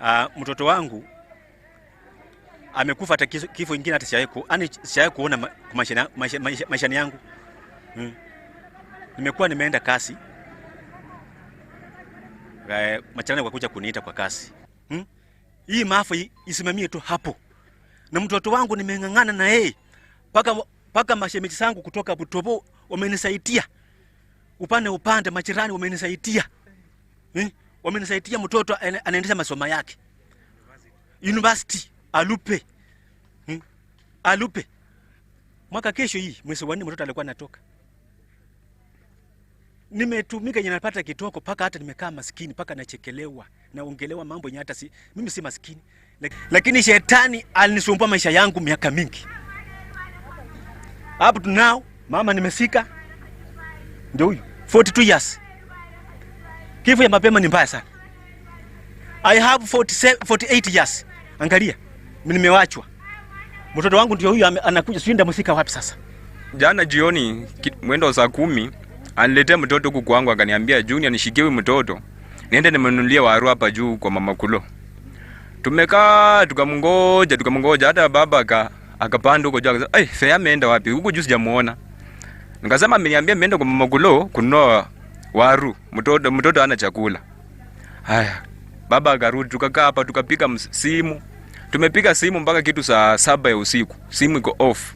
Ah, mtoto wangu amekufa hata kifo ingine hata sijawahi yaani kuona maishani maisha, maisha, maisha yangu hmm. Nimekuwa nimeenda kasi eh, machana kwa kuja kuniita kwa kasi hmm. Hii maafa isimamie tu hapo, na mtoto wangu nimeng'ang'ana na yeye mpaka paka mashemeji zangu kutoka Butobo wamenisaidia upande upande, majirani wamenisaidia hmm wamenisaidia mtoto anaendesha masomo yake university alupe hmm? alupe mwaka kesho hii mwezi wa nne mtoto alikuwa anatoka nimetumika yenye napata kitoko paka hata nimekaa maskini paka nachekelewa naongelewa mambo yenye hata si, mimi si maskini lakini shetani alinisumbua maisha yangu miaka mingi up to now mama nimesika ndio huyu 42 years Kifo ya mapema ni mbaya sana. I have 47, 48 years. Angalia. Mimi nimewachwa. Mtoto wangu ndio huyu anakuja sijui ndamfika wapi sasa. Jana jioni mwendo wa saa kumi aniletea mtoto huku kwangu akaniambia Junior nishikiwe mtoto. Niende nimnunulie waru hapa juu kwa mama Kulo. Tumekaa tukamngoja tukamngoja hata baba aka akapanda huko juu akasema, "Eh, Fea ameenda wapi? Huko juu sijamuona." Nikasema ameniambia ameenda kwa mama Kulo kunoa waru, mtoto mtoto ana chakula. Haya, baba akarudi, tukakaa hapa, tukapiga simu, tumepiga simu mpaka kitu saa saba ya usiku, simu iko off.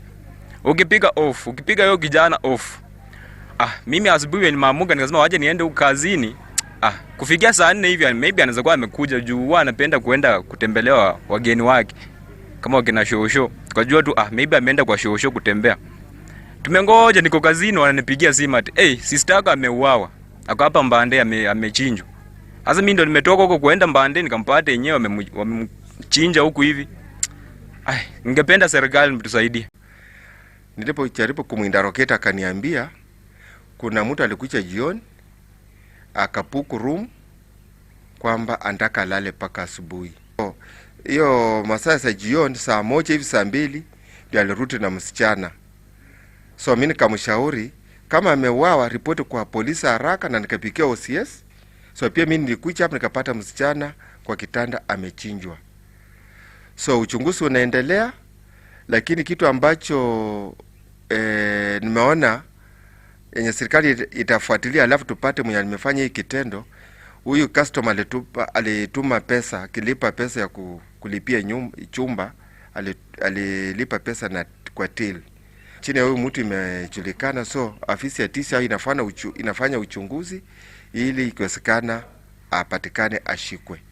Ukipiga off, ukipiga hiyo kijana off. Ah, mimi asubuhi nimaamuka nikasema waje niende huko kazini. Ah, kufikia saa nne hivi maybe anaweza kuwa amekuja juu huwa anapenda kuenda kutembelewa wageni wake kama wakina shosho. Tukajua tu ah, maybe ameenda kwa shosho kutembea. Tumengoja, niko kazini, wananipigia simu ati, hey, sister yako ameuawa ako hapa Mbande amechinjwa. Sasa mimi ndo nimetoka huko kuenda Mbande nikampata yenyewe wamemchinja huku hivi. Ai, ningependa serikali mtusaidie. Nilipojaribu kumwinda Roketa akaniambia kuna mtu alikuja jioni akapuku room kwamba anataka alale mpaka asubuhi. Hiyo masaa ya jioni saa moja hivi saa mbili ndio alirudi na msichana, so mimi nikamshauri kama ameuawa ripoti kwa polisi haraka, na nikapikia OCS. So pia mimi nilikuja hapa nikapata msichana kwa kitanda amechinjwa. So uchunguzi unaendelea, lakini kitu ambacho e, nimeona yenye serikali itafuatilia, alafu tupate mwenye alimefanya hii kitendo. Huyu customer alitupa, alituma pesa, kilipa pesa ya kulipia nyumba, chumba alilipa pesa na kwa till chini ya huyu mtu imejulikana, so afisi ya tisa inafanya uchu, inafanya uchunguzi ili ikiwezekana apatikane ashikwe.